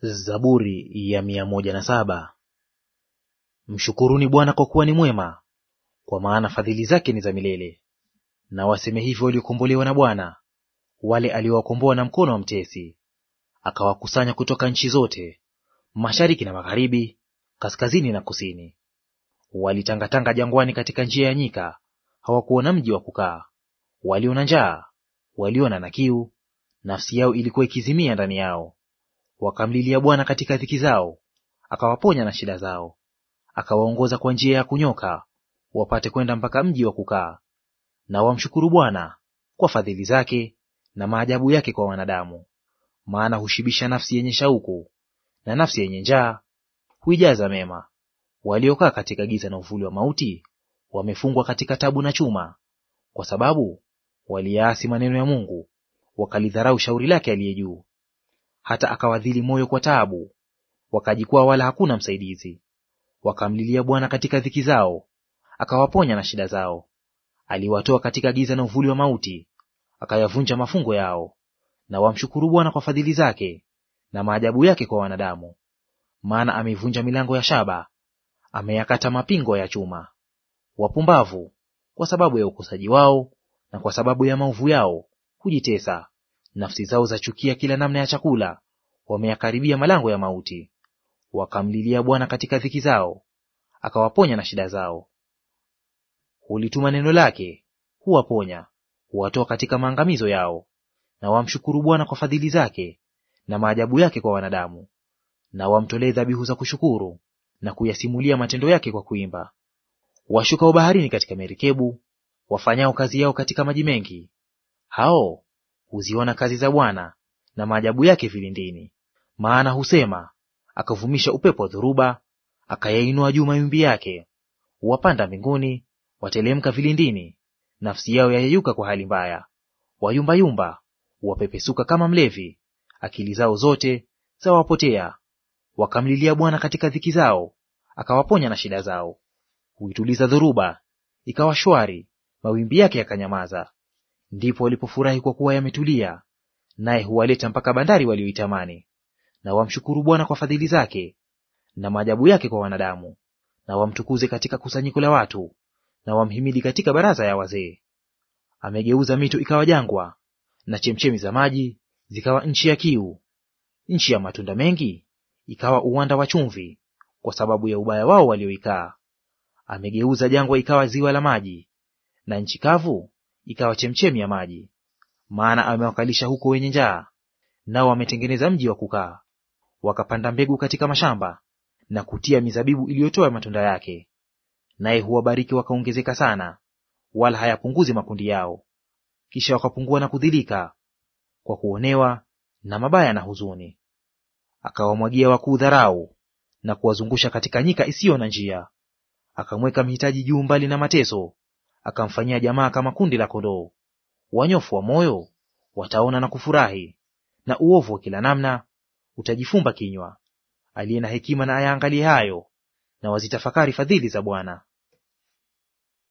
Zaburi ya mia moja na saba. Mshukuruni Bwana kwa kuwa ni mwema, kwa maana fadhili zake ni za milele. Na waseme hivyo waliokombolewa na Bwana, wale aliowakomboa na mkono wa mtesi. Akawakusanya kutoka nchi zote, mashariki na magharibi, kaskazini na kusini. Walitangatanga jangwani katika njia ya nyika, hawakuona mji wa kukaa. Waliona njaa, waliona na kiu, nafsi yao ilikuwa ikizimia ndani yao. Wakamlilia Bwana katika dhiki zao, akawaponya na shida zao. Akawaongoza kwa njia ya kunyoka, wapate kwenda mpaka mji wa kukaa. Na wamshukuru Bwana kwa fadhili zake na maajabu yake kwa wanadamu. Maana hushibisha nafsi yenye shauku, na nafsi yenye njaa huijaza mema. Waliokaa katika giza na uvuli wa mauti wamefungwa katika tabu na chuma, kwa sababu waliyaasi maneno ya Mungu, wakalidharau shauri lake aliye juu hata akawadhili moyo kwa taabu, wakajikwaa wala hakuna msaidizi. Wakamlilia Bwana katika dhiki zao, akawaponya na shida zao. Aliwatoa katika giza na uvuli wa mauti, akayavunja mafungo yao. Na wamshukuru Bwana kwa fadhili zake na maajabu yake kwa wanadamu. Maana ameivunja milango ya shaba, ameyakata mapingo ya chuma. Wapumbavu kwa sababu ya ukosaji wao na kwa sababu ya maovu yao hujitesa, nafsi zao zachukia kila namna ya chakula, wameyakaribia malango ya mauti. Wakamlilia Bwana katika dhiki zao, akawaponya na shida zao. Hulituma neno lake, huwaponya, huwatoa katika maangamizo yao. Na wamshukuru Bwana kwa fadhili zake na maajabu yake kwa wanadamu, na wamtolee dhabihu za kushukuru na kuyasimulia matendo yake kwa kuimba. Washukao baharini katika merikebu, wafanyao kazi yao katika maji mengi, hao huziona kazi za Bwana na maajabu yake vilindini. Maana husema, akavumisha upepo wa dhoruba, akayainua juu mawimbi yake. Huwapanda mbinguni, watelemka vilindini, nafsi yao yayeyuka kwa hali mbaya. Wayumbayumba, huwapepesuka kama mlevi, akili zao zote zawapotea. Wakamlilia Bwana katika dhiki zao, akawaponya na shida zao. Huituliza dhoruba, ikawa shwari, mawimbi yake yakanyamaza ndipo walipofurahi kwa kuwa yametulia, naye huwaleta mpaka bandari walioitamani. Na wamshukuru Bwana kwa fadhili zake na maajabu yake kwa wanadamu, na wamtukuze katika kusanyiko la watu, na wamhimidi katika baraza ya wazee. Amegeuza mito ikawa jangwa, na chemchemi za maji zikawa nchi ya kiu. Nchi ya matunda mengi ikawa uwanda wa chumvi, kwa sababu ya ubaya wao walioikaa. Amegeuza jangwa ikawa ziwa la maji, na nchi kavu ikawa chemchemi ya maji, maana amewakalisha huko wenye njaa, nao wametengeneza mji wa kukaa. Wakapanda mbegu katika mashamba na kutia mizabibu iliyotoa matunda yake, naye huwabariki wakaongezeka sana, wala hayapunguzi makundi yao. Kisha wakapungua na kudhilika kwa kuonewa na mabaya na huzuni. Akawamwagia wakuu dharau na kuwazungusha katika nyika isiyo na njia. Akamweka mhitaji juu mbali na mateso, akamfanyia jamaa kama kundi la kondoo. Wanyofu wa moyo wataona na kufurahi, na uovu wa kila namna utajifumba kinywa. Aliye na hekima na ayaangalie hayo, na wazitafakari fadhili za Bwana.